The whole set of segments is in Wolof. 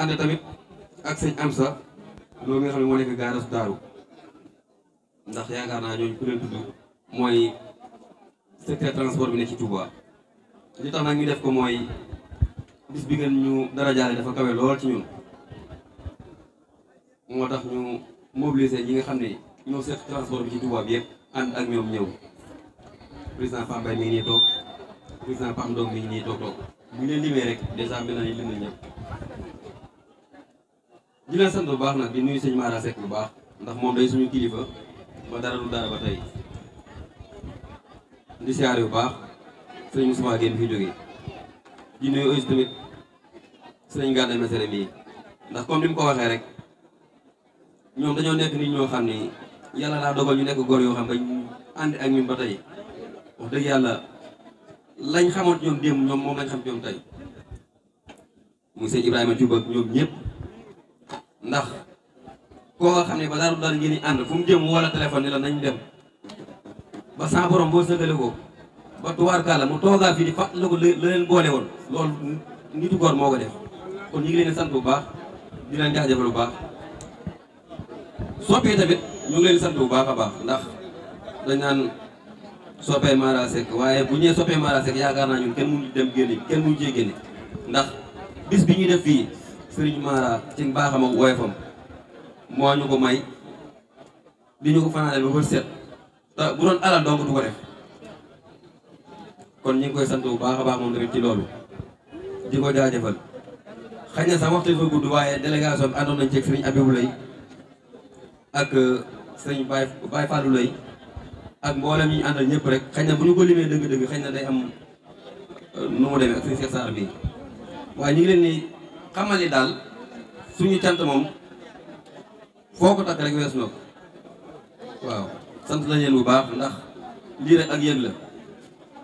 ànd tamit ak sëñ am moom mi nga xam ne moo nekk gaarasu daaru ndax yaakaar naa ñooñu ku leen tudd mooy secteur transport bi nekk ci Touba. li tax nag ngi def ko mooy bis bi ngeen ñu dara jaale dafa kawe lool ci ñun moo tax ñu mobiliser ñi nga xam ne ñoo seet transport bi ci Touba bi yëpp ànd ak ñoom ñëw président Pambay mi ngi nii toog président Pam Ndong mi ngi nii toog toog bu ñu limee rek dèjà mel na lim na ñëpp. di leen sant bu baax nag di nuyu sëñ Mara Seck bu baax ndax moom day suñu kilifa ba dara du dara ba tey di siyaare bu baax sëñ Moussa Guèye fi jógee di nuyu aussi tamit sëñ Gàdda Mesere mii ndax comme ni mu ko waxee rek ñoom dañoo nekk nit ñoo xam ni yàlla laa dogal ñu nekk góor yoo xam bañ ànd ak ñun ba tey wax dëgg yàlla lañ xamoon ñoom démb ñoom moom lañ xam ñoom tey muy sëñ Ibrahima Diouf ak ñoom ñëpp. ndax koo xamne ba daru dal gini and fum jëm wala telephone ni la nañ dem ba sa borom bo sëgale ko ba tuwaar kàlla mu toga fi di fàttali ko leen boole won lol nitu gor moko def kon ñi ngi leen sant bu baax di leen jaajëfal bu baax soppé tamit ñu ngi leen sant bu baaxa baax ndax dañ nan soppé Mara Seck waye bu ñëwee soppé Mara Seck yaakaar na ñun kenn mu dem gëni kenn mu cee génne ndax bis bi ñu def fi Serigne Mara ci mbaaxam ak woyofam moo ñu ko may li ñu ko fanaaneel ba bët set bu doon alal donc du ko def kon ñu ngi koy sant bu baax moom tamit ci loolu di ko jaajëfal xëy na sax waxtu waaye délégation bi àndoon nañ ci Serigne Abibou Lay ak euh, Serigne Baye Baye Lay ak mboolem yi ñu àndal ñëpp rek xëy na bu ñu ko limee dëgg-dëgg xañ na day am euh, nu mu demee ak Serigne Cheikh Sarr bi waaye ñu ngi leen ni xamal ni daal suñu cant moom foo ko takk rek wees na ko waaw sant nañ leen bu baax ndax lii rek ak yéen la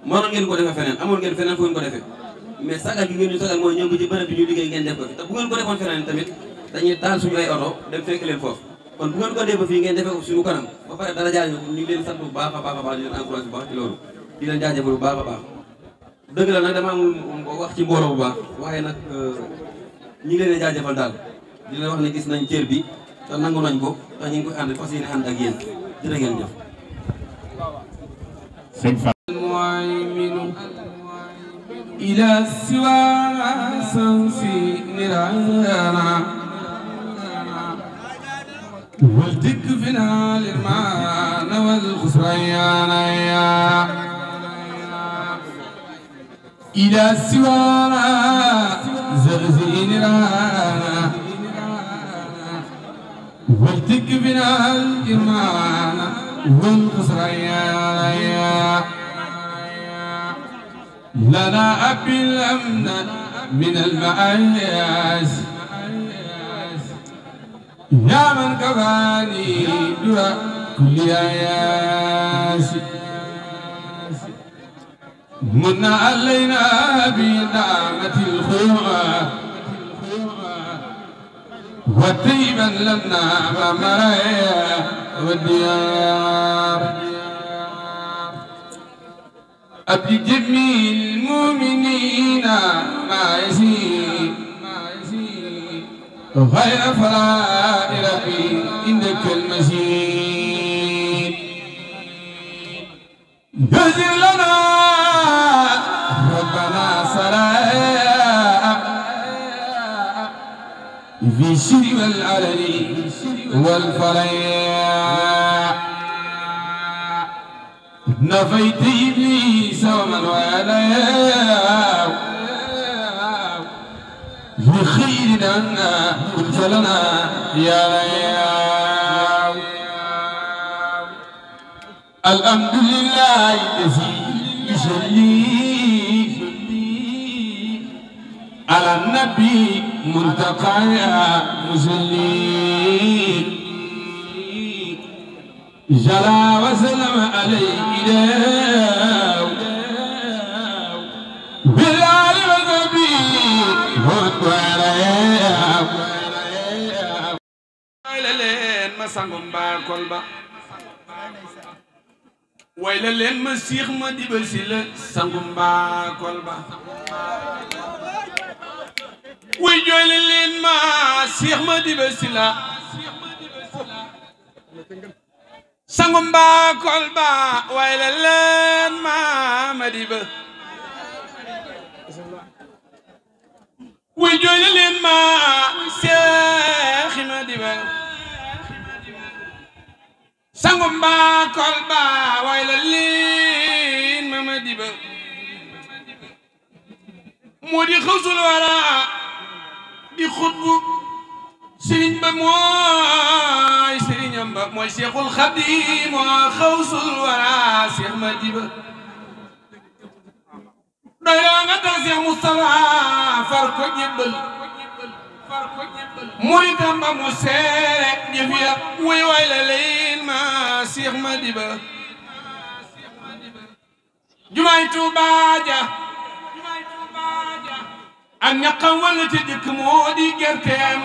mënoon ngeen ko defee feneen amoon ngeen feneen fu ngeen ko defee mais sagal gi ngeen ñu mooy ñëw ngi ci bërëb bi ñu liggéey ngeen def ko fi te bu ngeen ko defoon feneen tamit dañuy taal suñu ay oto dem fekk leen foofu kon bu ngeen ko dee fii ngeen defee suñu kanam ba pare dara jaajëf ñu ngi leen sant bu baax a baax a baax di leen encouragé bu baax ci loolu a baax dëgg la nag ci mbooloo bu baax waaye nag euh, ñi ngi leen jaajëfal daal di leen wax ne gis nañ cër bi te nangu nañ ko ngi koy ngeen jëf. إلى سوى زغزيننا ولتك بنا الجرمان والقصر يا لنا أبي الأمن من المآياس يا من كفاني درى كل آياسي من علينا بنعمة الخوع وطيبا لنا ومرايا والديار أبي جميل المؤمنين ما يزيد غير فراء ربي إنك المزيد يزيد لنا بشرب العلل والفريع نفيت إبليس ومن والاه بخير أنا قلت لنا يا رياو الحمد لله الذي يصلي على النبي منتقايا مسلي جلا وسلم عليه بالعالم والنبي هو ورايا ويلالين ما سانغم با كولبا ويلالين ما سيخ ما ديبل سانغم با wuy jooyle leen ma Seex Madiba Sylla sangu mbaa kol ba waaye la leen ma Madiba wuy jooyle leen ma Seex Madiba sangu mbaa kol ba waaye la leen ma Madiba moo di xawsul wara di xutbu sëriñ ba mooy sëriñam ba mooy Seexul Xadiim moo xawsul wara Seex Madiba doyloo nga tax Seex Mustafaa far ko jébbal muritam ba mu seere jëf ya way way la leen ma Seex Madiba jumaay Tuubaa ja ak ñaqam wala ca jëkk moo di gerteem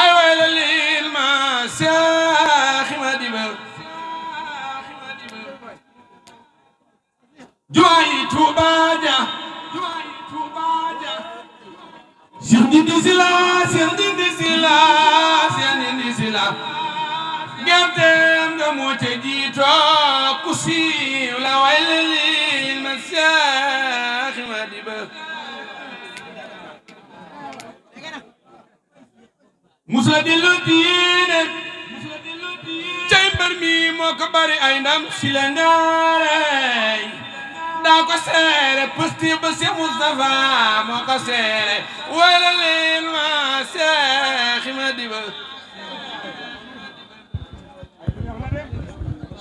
ay wayla lil ma saaxima di ba jumaa yi Tuuba ja seen dindi si la seen dindi si la seen dindi si la gerteem nga moo ca jiitoo ku siiw la wayla lil ma musa dellu diine cay mbër mi moo ko ay ndam si la ngaarey daa ko seere pësti ba si Mustafa moo ko seere wala leen seexi ma diba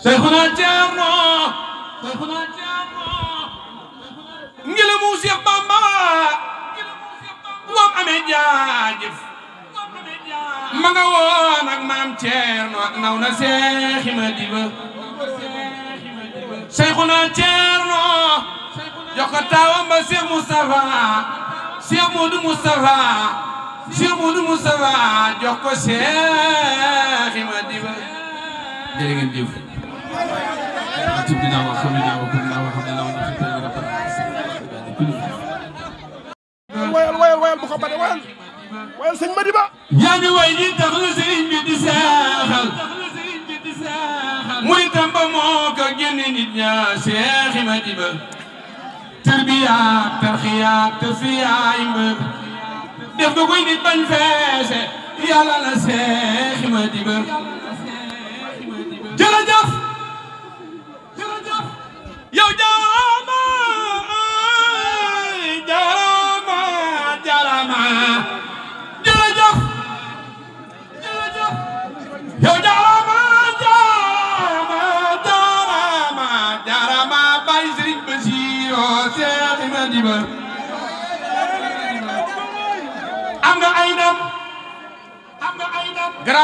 Seexuna Jaamo Seexuna ngila mu Seex Bamba amee jaajëf ma nga woon ak maam Thierno naw na Seex Madiba Seexuna Thierno jox ko taawam ba Seex Moustapha Seex Moodu Moustapha Seex Moodu Moustapha jox ko Seex Madiba jërë ngeen jëf تبدنا وخمنا وكلنا وحمدنا ونحمدنا ربنا ويل ويل ويل مخبر ويل ويل سن مديبه yaa ngi way yi la seexi ma di ba tarbiyaat tarxiyaat tarfiyaay mbër def nga koy nit bañ feese ma di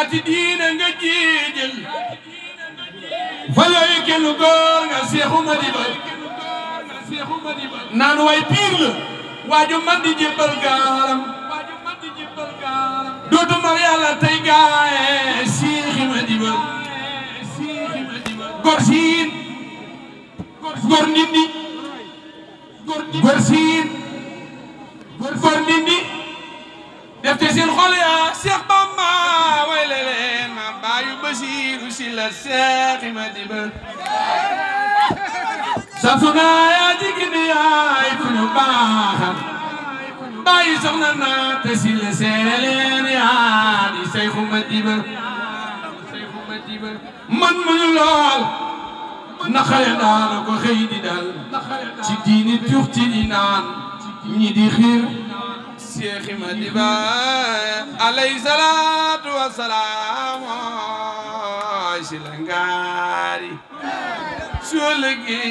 ati diina nga jiijil falooyu kelu góor nga seexu madiba naan way piir la waaju man di jébbal gaaram dootu mar yàlla tey gaaye seexi madiba gor siin gor nindi gor siin gor nindi defte seen xol yaa seex ba الوزير سل الساقمة بل سفنا يا دقني يا يكون باهم باي سغنا تسل سيلين يا دي سيخ مدبر من من لول نخينا لك خيدي دل تديني تختي نان ني خير شيخ مدبا عليه الصلاة والسلام sila ngaari suuligi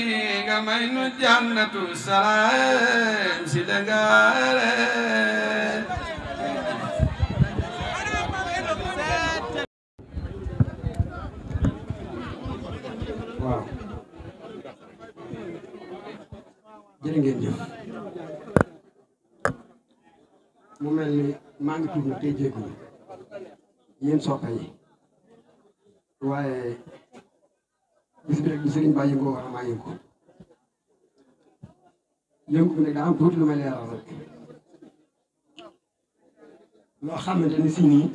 nga may nu jannatu salaam sila ngaare waaw jërë ngeen jëf mu mel ni maa ngi tudd te jégalu yéen soppe waaye bis bi rek bi sëriñ bàyyi ko war a maa am tuuti lu may leeral rek loo xamante ni si nii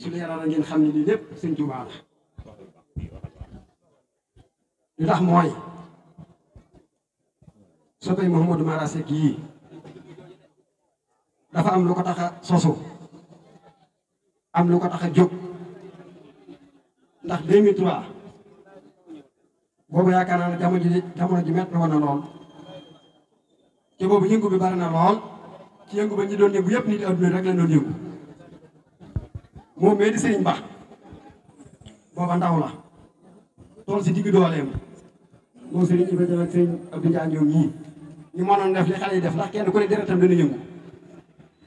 su leeral ngeen xam ne lii lépp sëñ Tuubaa la li tax mooy soppay Mouhamadou Mara Seck yii dafa am lu ko tax a am lu ko tax a jóg ndax 2003 bobu yakana na ne jamono ji jamono ji mett wona non ci bobu boobu yëngu bi barana lol lool ci yëngu ba ñi doon yëngu yep nit aduna rek la doon yeb mo meedi di bax Ba ndaw la tol ci digi dolem mo serigne Ibrahima dal serigne Abdou jang ñoom yi ñu mënoon def li xalé def ndax kenn ku ne deretam dañu yëngu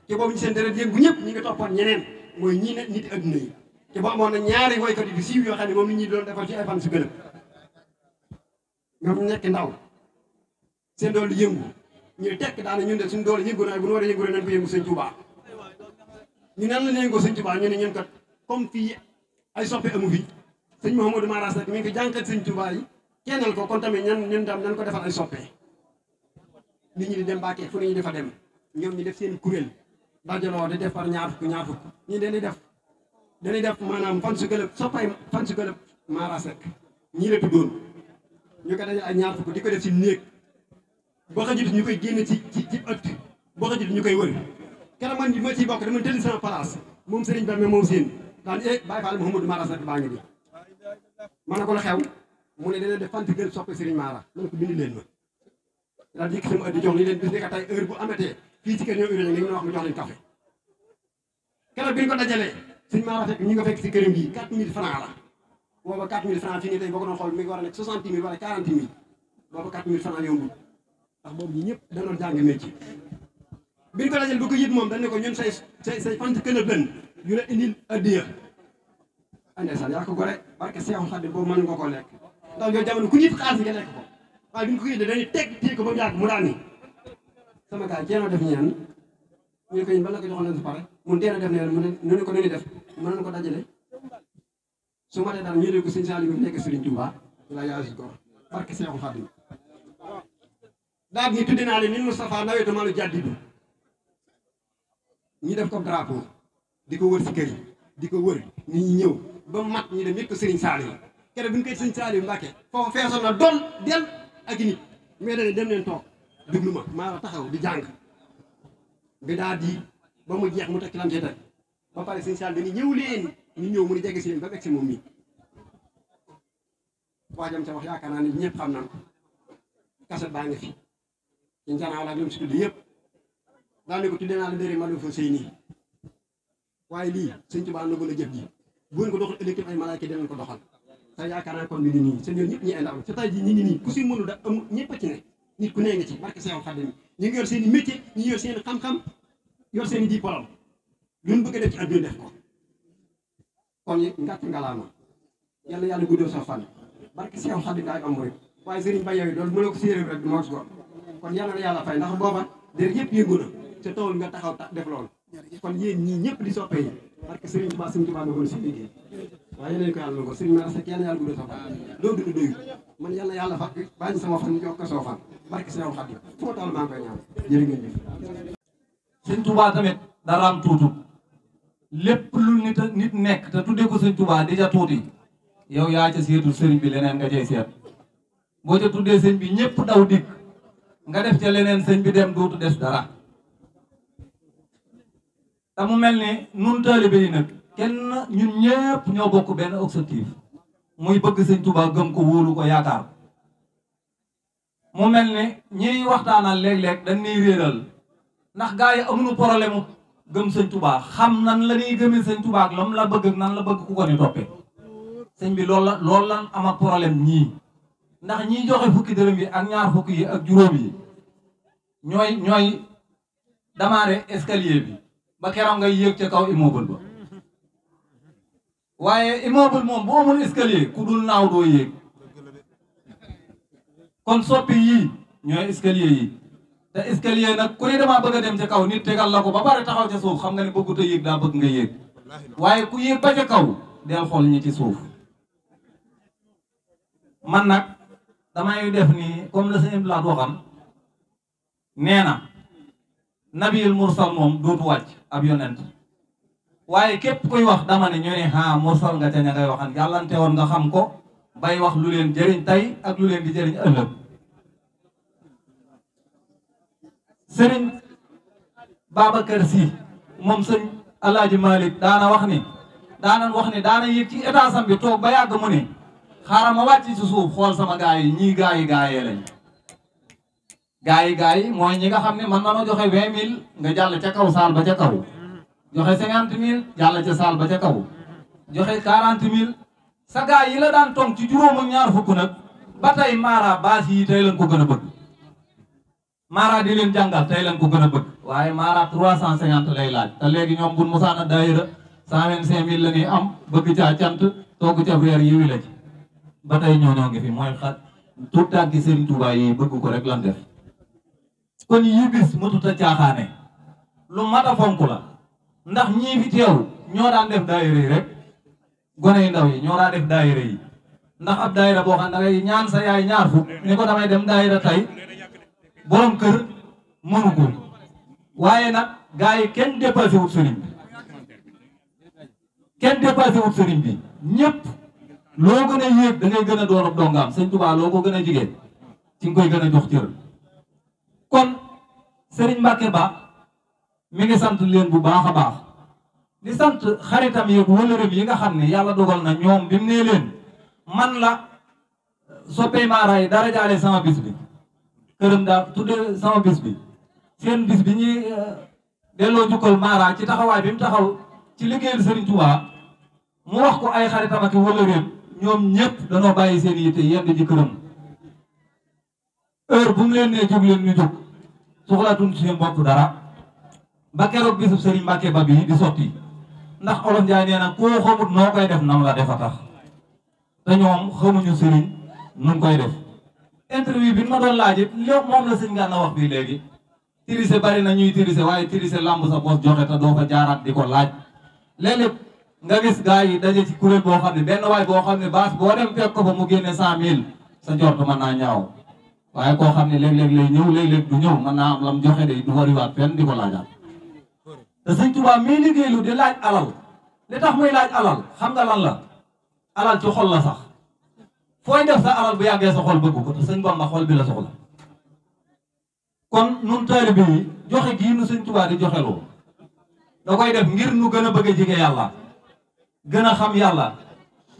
ci bobu ñu seen deret yëngu ñep ñi nga toppoon ñeneen mooy ñii nag nit adduna yi te boo amoon na ñaari woykat yu siiw yoo xam ne moom nit ñi doon defal ci ay fan su gën ñoom nekk ndaw seen doole yëngu ñuy tekk daana ñun de suñu doole yëngu na bu ñu war a yëngu nañ ko yëngu sëñ Touba ñu nan la ñu yëngoo sëñ Touba ñu ne ñun kat comme fii ay amu fi sëñ Mouhamadou Mara Seck mi ngi fi jànkat sëñ Touba yi kennal ko kon tamit ñan ñun tam nan ko defal ay soppe nit ñi di dem Mbàkke fu ne ñu defa dem ñoom ñu def seen kuréel dajaloo di defar ñaar fukk ñaar fukk ñii dañuy def dañuy def maanaam fan su gëlëb soppay fan su gëlëb Mara Seck ñii la tuddoon ñu ko dajale ak ñaar fukk di ko def ci néeg boo xajut ñu koy génne ci ci ci ëtt boo xajut ñu koy wër keroog man bi ma ci bokk dama tëdd sama place moom Serigne Ba mais moom seen daan eh Baye Fall Mouhamadou Mara Seck baa ngi nii. ma ne ko la xew mu ne dana def fan su gëlëb soppay Serigne Mara ma ne ko bind leen ma daal di yëkk sama ëtt jox li leen bis ne ka tey heure bu amatee. fii ci kër ñoom urée li ñu wax mu jox leen café keroog bi ñu ko dajalee suñu maa fekk ñu nga fekk si këram gii 4000 francs la booba 4000 francs fii nii tey boo ko doon xool mi ngi war a nekk 60 000 wala 40 000 booba 4000 francs yombul ndax boobu ñi ñëpp da doon jàng métier bi ñu ko dajale bu ko yit moom dañ ne ko ñun say say say fant a benn yu la indil addiya ndeysaan yaa ko gore barke Seexu Xaadim boobu mën nga koo lekk ndax yow jamono ku ñëpp xaalis nga lekk ko waaye bi ñu ko yit dañuy ko ba mu yàgg mu sama gars jéem a def ñaan ñu ne ko ñun ban la ko pare mun teel a def neen mu ñu ko nu ñu def mën nañu ko dajale su ma dee daal ñu ne ko sëñ Saliou nekk Serigne Touba la yaa si góor barke Seexu Fadim daal di tudd naa leen ni Moustapha nawetu malu jàddidu ñu def ko drapeau di ko wër si kër yi di ko wër nit ñi ñëw ba mat ñu dem yëpp ko Serigne Saliou keroog bu ñu koy Serigne Saliou Mbacke foofu feesoon na doon del ak nit mais dañu dem leen toog. déglu ma maa taxaw di jàng bi daa di ba mu jeex mu teg ci lam see teg ba pare sëñ Saal dañuy ñëw leen ñu ñëw mu di jege si leen ba fekk si moom mii wax jam ca wax yaakaar naa ne ñëpp xam nan ko kaset baa ngi fi ci njanaaw la ak ñoom si tudd yëpp daane ko tuddee naa la déré malo fa sëy nii waaye lii sëñ Tuubaa na gën a jëf ji bu ngeen ko doxal ëllëg ay malaaka dinañ ko doxal te yaakaar naa kon mi ngi nii seen ñoom ñëpp ñi ay ndaw la te tey jii ñi ngi nii ku si mënu da am ñëpp a ci ne nit ku nee nga ci barke Seexul Xaadim ñu ngi yor seen i métier ñu yor seen i xam-xam yor seen i diplôme lu ñu bëgg a def ci àdduna def ko kon ngàtt ngalaama yàlla yàlla guddoo sa fan barke yi Xaadim daay am mooy waaye sëriñ Ba yooyu loolu mënoo ko séeréer rek du moo si kon yàlla na yàlla fay ndax booba dér yëpp yëngu na te tool nga taxaw def loolu kon yéen ñii ñëpp di soppe yi parce que sëriñ Tuubaa sëriñ si liggéey waaye nañu ko yàlla na ko ma sa kenn yàlla guddal sa fan loo dund doyul man yàlla yàlla fàkk bàyyi sama fan jox ko soo fan barki seen xarit lépp lu nit nit nekk te tuddee ko sëñ Touba dèjà tuuti yow yaa ca seetul sëriñ bi leneen nga cay seet boo ca tuddee sëñ bi ñëpp daw dikk nga def ca leneen sëñ bi dem dootu des dara te mel ni nun taalibe yi nag kenn ñun ñëpp ñoo bokk benn objectif muy bëgg sëñ Touba gëm ko wóolu ko yaakaar mu mel ne ñiy waxtaanal léeg-léeg dañ ñuy réeral ndax gaa yi amuñu problème mu gëm sëñ Touba xam nan la ñuy gëmee sëñ Touba ak lam la bëgg ak nan la bëgg ku ko ni toppee sëñ bi lool la lool lan am ak problème ñii ndax ñiy joxe fukki dërëm yi ak ñaar fukki yi ak juróom yi ñooy ñooy démarrer escalier bi ba keroog ngay yéeg ca kaw immeuble waaye immeuble moom bu amul escalier ku dul naaw doo yéeg kon soppi yii ñooy escalier yi te escalier nag ku ne damaa bëgg dem ca kaw nit tegal la ko ba pare taxaw ca suuf xam nga ni bëggut a yéeg daa bëgg nga yéeg waaye ku yéeg ba ca kaw del xool ñi ci suuf man nag damay def nii comme la sëñ Abdou Lahad waxan nee na nabiyul mursal moom dootu wàcc ab yonent waaye képp kuy wax dama ne ñu ne ah mursal nga ca ña ngay waxan yàllante woon nga xam ko bay wax lu leen jëriñ tey ak lu leen di jëriñ ëllëg sëriñ Babacar si moom sëñ Alaaji Malick daana wax ni daana wax ni daana yëg ci état sam toog ba yàgg mu ne xaaral ma wàcc ci suuf xool sama gaay yi ñii gaay yi gaayee lañ gaay yi gaay yi mooy ñi nga xam ne mën na noo joxe vingt mille nga jàll ca kaw saal ba ca kaw joxe cinquante mille jàll ca saal ba ca kaw joxe quarante mille sa gaa yi la daan tong ci juróom ñaar fukk nag ba tey maara baas yi tey lañ ko gën a bëgg maara di leen jàngal tey lañ ko gën a bëgg waaye maara trois cent cinquante lay laaj te léegi ñoom bun musaana daayira cent vingt cinq mille la am bëgg caa cant toog ca weer yiwi ci ba tey ñoo ñoo ngi fi mooy xat tout tànk gi Serigne Touba yi bëgg ko rek lan def kon yi bis mu tuta caaxaane lu mat a fonk la ndax ñii fi teew ñoo daan def daayira yi rek gone yu ndaw yi ñoo daan def daayira yi ndax ab daayira boo xam ne dangay ñaan sa yaay ñaar fukk ni ko damay dem daayira tey borom kër mënu ko waaye nag gaa yi kenn dépassé wut sëriñ bi kenn dépassé sëriñ bi ñëpp loo gën a yéeg da ngay gën a doon ab dongaam sëñ Tuubaa loo ko gën a jigéen ci nga koy gën a jox cër kon sëriñ Mbàkke Ba mi ngi sant leen bu baax a baax di sant xaritam yeeg wëlëram yi nga xam ni yàlla dogal na ñoom bi mu nee leen man la soppey maaraay dara jaale sama bis bi këram daal tudde sama bis bi seen bis bi ñuy euh, delloo jukkal maara ci taxawaay bi mu taxaw ci liggéeyal Serigne Touba mu wax ko ay xaritam ak wëlëreem ñoom ñëpp danoo bàyyi seen yitte yedd ji këram heure bu mu leen nee jóg leen ñu jóg soxlaatuñ seen bopp dara ba keroog bisu Serigne Mbacke ba bii di sotti ndax olof Ndiaye nee na koo xamut noo koy def nam la defa tax te ñoom xamuñu Serigne nu koy def. interview bi nu ma doon laajee lépp moom la sëñ ne wax bii léegi. tirise bari na ñuy tirise waaye tirise lamb sa bos joxe te doo ko jaaraat di ko laaj léeg-léeg nga gis gars yi daje ci kuréel boo xam ne benn waay boo xam ne baas boo dem fekk ko fa mu génne cent mille sa njort mën naa ñaaw waaye koo xam ne léeg-léeg lay ñëw léeg-léeg du ñëw joxe day ko te sëñ Tuubaa mii liggéeylu di laaj alal li tax muy laaj alal xam nga lan la alal ci xol la sax fooy def sa alal bu yàggee sa xol bëgg ko te sëñ Bamba xol bi la soxla kon nun taalibe yi joxe gii nu sëñ Tuubaa di joxeloo da koy def ngir nu gën a bëgg a yàlla gën a xam yàlla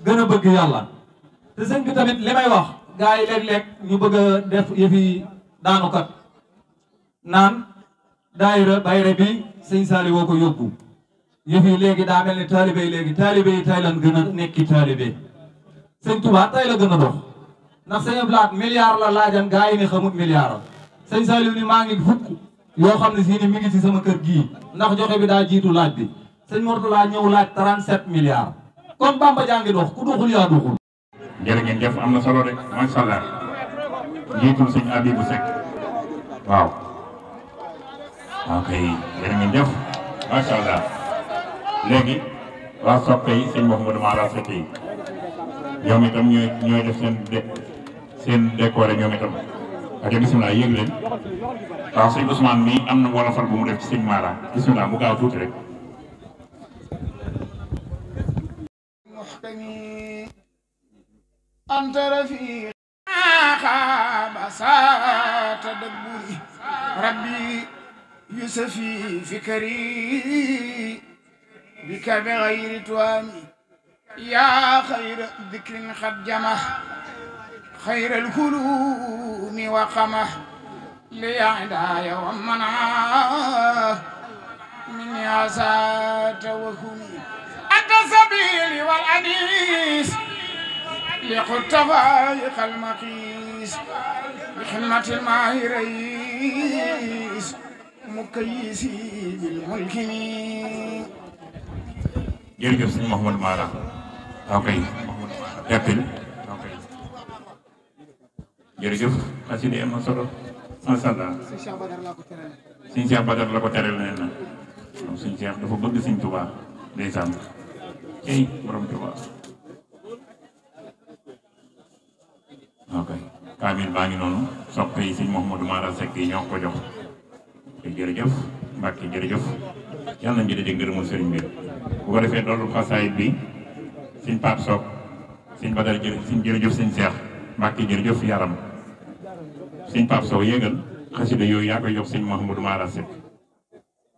gën a bëgg yàlla te sëñ bi tamit li may wax gaa yi léeg-léeg ñu bëgg a def yëfi daanukat naan daayira bayre bi sëñ Saali woo ko yóbbu yëf yi léegi daa mel ni taalibe léegi taalibe yi tay gën a nekki taalibe sëñ Touba tay la gën a dox ndax sëñ Blaat milliard la laajan gaa yi ne xamut milliard sëñ Saaliw ni maa ngi fukk yoo xam ne si ni mi si sama kër gii ndax joxe bi daa jiitu laaj bi sëñ Mourtala ñëw laaj 37 milliards kon Bamba jàngi dox ku duxul yaa duxul. jërë ngeen am na solo rek macha allah njiitul sëñ Abibou Seck waaw. waaw kay jërë ngeen jëf macha allah léegi waa soppe yi sëñ Mouhamadou Mara soppe yi ñoom itam def seen dé seen décoré ñoom itam yëg leen waaw sëñ Ousmane mii am na wolofal bu mu def ci sëñ Mara bisimilah mu gaaw tuuti rek. يوسفي فكري بك بغير تواني يا خير ذكر قد جمه خير الكلوم وقمه ليعدى منع من ياسات وهمي أنت سبيلي والأنيس لقد تفايق المقيس بحلمة رئيس مكيسي بالملك jërëjëf sëñ Mara ok jàppil ok jërëjëf xasida yi am na solo masha Allah sëñ la ko tereel nee na bëgg sëñ Tuubaa ndeysaan ey borom Mara Seck yi jox jërëjëf Mbacke jërëjëf yàlla nañu jëlee ngërëmu sëriñ bi bu ko defee loolu xasaayit bi suñ Pape Sock suñ Badara jërëjëf suñ jërëjëf suñ Seex Mbacke jërëjëf yaram suñ Pape Sock yéegal xasida yooyu yaa koy jox suñ Mouhamadou Mara Seck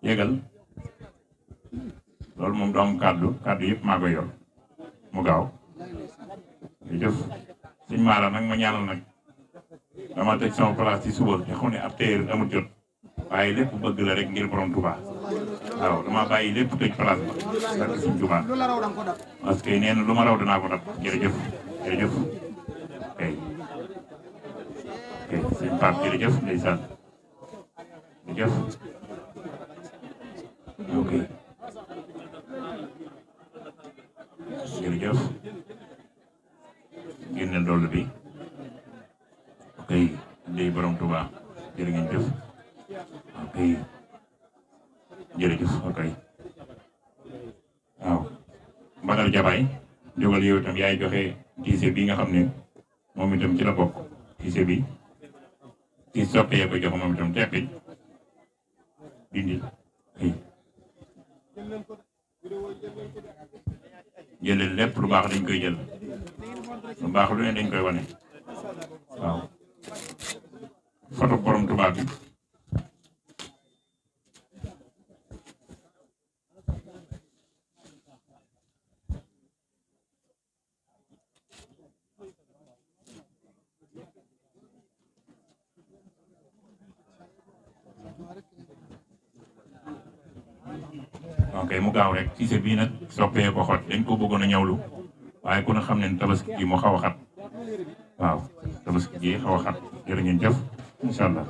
yéegal loolu moom du am kàddu kàddu yëpp maa koy yor mu gaaw jërëjëf suñ Mara nag ma ñaanal nag dama teg sama place ci suba te ab téer amul jot bàyyi lépp bëgg la rek ngir borom Touba waaw dama bàyyi lépp tej place ba parce que Touba parce que nee luma raw dana ko dab ay ay kay kay jere jëf jërëjëf sa jëf ok jëf génne dool bi ok ndey borom Touba jere ngeen jëf ok jërëjëf ok waaw Badar Jabaay jógal yow itam yaay joxe tiise bi nga xam ne moom itam ci la bokk tiise bi ci soppe ya ko jox moom itam tepp dindi jëlal lépp lu baax dañ koy jël lu baax lu ne dañ koy wane waaw foto borom tubaab kay mu gaaw rek Cissé bii nag soppee ko xot dañ ko bëggoon a ñawlu waaye ku xam ne tabaski gi mu xaw a xat waaw tabaski gi xaw a xat jërë ngeen jëf incha allah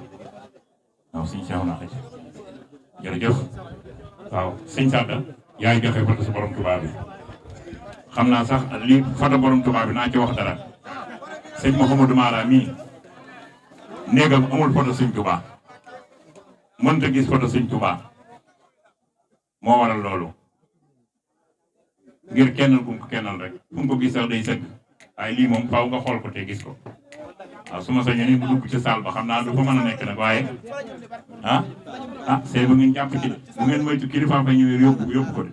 waaw suñu seexu naa xëcc jërëjëf waaw sëñ Sadda yaay joxe photo su borom Tuubaa xam naa sax lii photo borom Tuubaa bi naa ci wax dara sëñ Mouhamadou Mara mii néegam amul photo sëñ Tuubaa mënta gis photo sëñ Tuubaa moo waral loolu ngir kennal kum ko kennal rek kum ko gis sax day sëgg waaye lii moom faaw nga xool ko te gis ko waaw su ma sañoon bu dugg ci saal ba xam naa du fa mën a nekk nag waaye ah, ah sey ba ngeen jàpp ci bu ngeen moytu kilifa fa ñëwee yóbbu yóbbu ko de.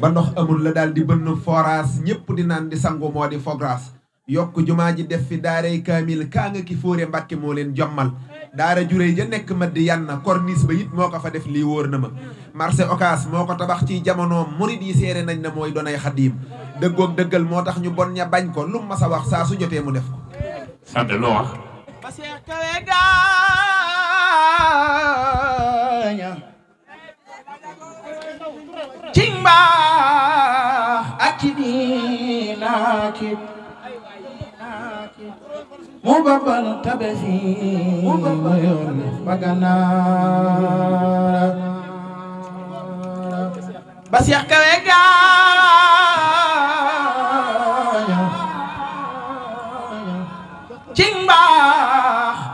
ba ndox amul la daal di bënn forage ñëpp di naan di sangu moo di fograas yokk jumaa ji def fi daaray kaamil kaa nga ki fóore mbàkke moo leen jommal daara juree ja med Madiyaana cornice ba yit moko fa def li wóor na ma marché Ocass moko tabax ci jamono mouride yi séré nañ na moy donay khadim deggok deggal motax ñu bon ña bañ ko lu ma sa wax sa su jotté mu def ko sante lo wax ba akidina kawe مبابا تبسي وغنارا بس يحكي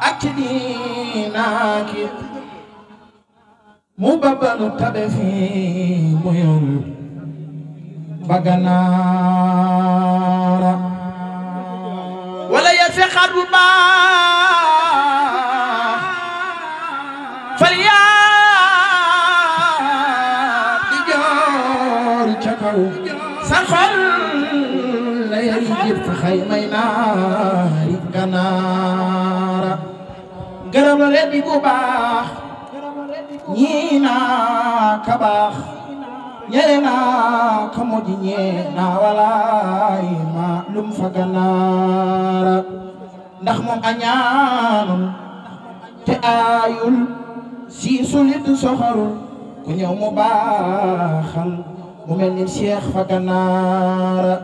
أكديناك مبابا تبسي بغنارا xay may naari ganaara gërëm la leen di bu baax ñii naa ka baax ñee naa ka mujj ñee naa walaay ma lum fa ganaara ndax moom añaanul te aayul siisu nit ku ñëw mu baaxal mu mel ni Cheikh fa ganaara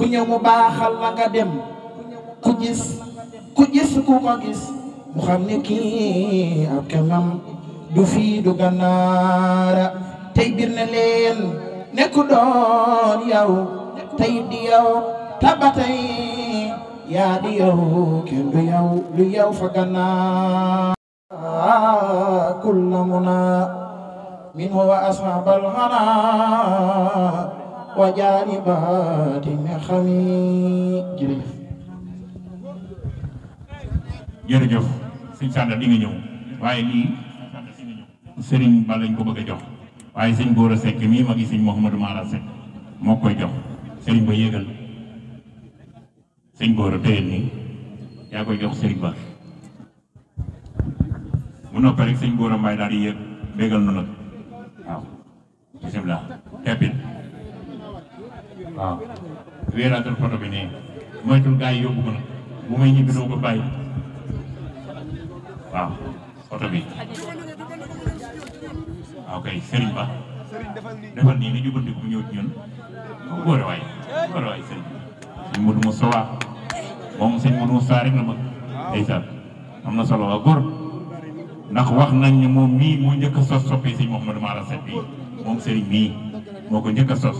ku ñëw mu baaxal la nga ku gis ku gis ku ko mu xam ni kii ab kemam du fii du ganaara tey bir leen ne ku doon yow tey di yow tabatay Ya diyo yow kenn du yow du min ashabal hana wa jaanibaati nexami jërëjëf jërëjëf sëñ Sanda di nga ñëw waaye lii sëriñ ba lañ ko bëgg jox waaye sëñ Gora Seck Mara koy jox ba sëñ Gora téyel nii yaa koy jox sëriñ Ba bu noppee rek sëñ Gora Mbaye daal di yëpp bégal na nag waaw bisimilah teppit waaw wéeraatal photo bi nii moytul gaa yi yóbbu ko nag bu may ñibbi doo ko bàyyi bi waaw kay Ba defal nii ni jubanti bu ñëw ci ñun Gora waay Gora waay sëriñ sëñ Modou Moustapha moom sëñ Modou Moustapha rek la bëgg ndeysaan am na solo waa góor ndax wax nañ ni moom mii moo njëkk a sos soppi sëñ Mouhamadou Mara Seck bi moom sëriñ mii moo ko njëkk sos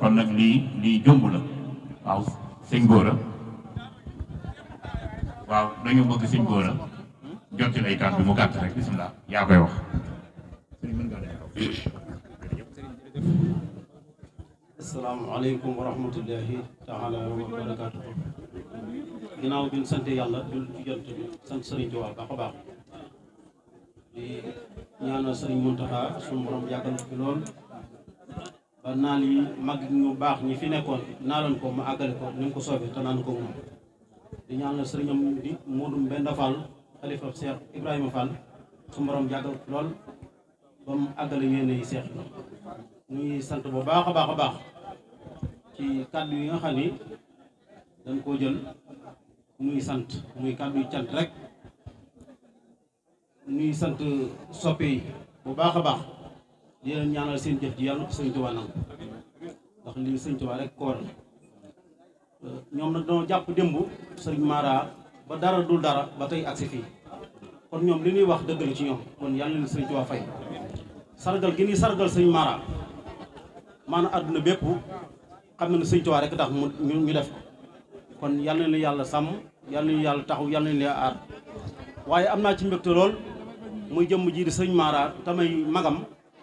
kon nag lii lii jomb la waaw sëñ Gora waaw dañu bëgg sëñ Gora jot ci lay tànn bi mu gàtt rek bisimilah yaa koy wax. asalaamualeykum wa rahmatullahi taala wa barakaatu ginaaw bi ñu sant yàlla dul ci jant bi sant sëriñ Tuubaa baax a baax di ñaanal sëriñ Muntaxa suñu borom yàggal fi lool ba naal yi mag ñu baax ñi fi nekkoon naaloon ko ma àggale ko ni mu ko soobee te naan ko moom di ñaanal sëriñam di Moodu Mbenda Fall xalifa Cheikh Ibrahima Fall suñu borom yàggal lool ba mu àggale yéene seex ñuy sant bu baax baax baax ci kaddu yi nga xamni dañ ko jël muy sante muy kaddu yu cant rek muy sante soppe bu baaxa baax di leen ñaanal seen jëf ji yalla sëñ Tuubaa nangu wax lii sëñ Tuubaa rek koor ñom nak nag japp dembu démb Mara ba dara dul dara ba tey agsi fi kon ñom li ñuy wax deugul ci ñom kon yalla leen sëñ Tuubaa fay sargal gi ni sargal sëriñ Mara man aduna bepp amna seigne touba rek tax mu ñu def ko kon yalla na leen yàlla sàmm yal na leen yàlla taxaw yal na leen yàlla aar waaye am ci mbekté lol muy jëm ji di seigne Mara tamay magam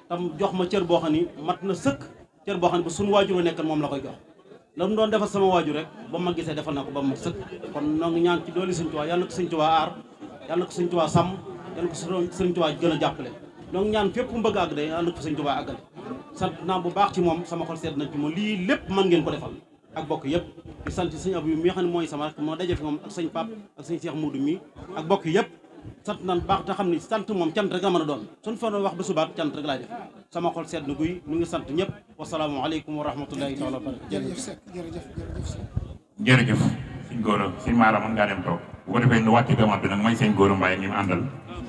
tam jox ma cër bo xani ni mat na sëkk cër bo xani ne bu suñu waajur nekkal mom la koy jox. lam doon defal sama waajur rek ba ma gisee defal nako ba ma sëkk kon no ngi ñaan ci doli seigne touba yalla ko seigne touba ar yalla ko seigne touba sam yalla ko seigne touba gëna jappalé jàppale. noo ngi ñaan fepp mu bëgg ak day yalla ko seigne touba agal sant naa bu baax ci moom sama xol seet na ci moom lii lépp mën ngeen ko defal ak bokk yëpp di sant sëñ Abdou mi nga xam ne mooy sama rek moo daje fi moom ak sëñ Pape mi bokk yëpp sant naan baax te xam ne sant moom cant rek la mën a doon suñ fa doon wax ba subaat cant rek laay def sama xol seet na guy ñu ngi sant ñëpp wasalaamualeykum wa rahmatullahi taala wa barakatu jërëjëf jërëjëf jërëjëf sëñ Gora sëñ Mara mën ngaa dem toog bu ko defee nu wàcc gamaat bi nag mooy sëñ Gora Mbaye ñi mu àndal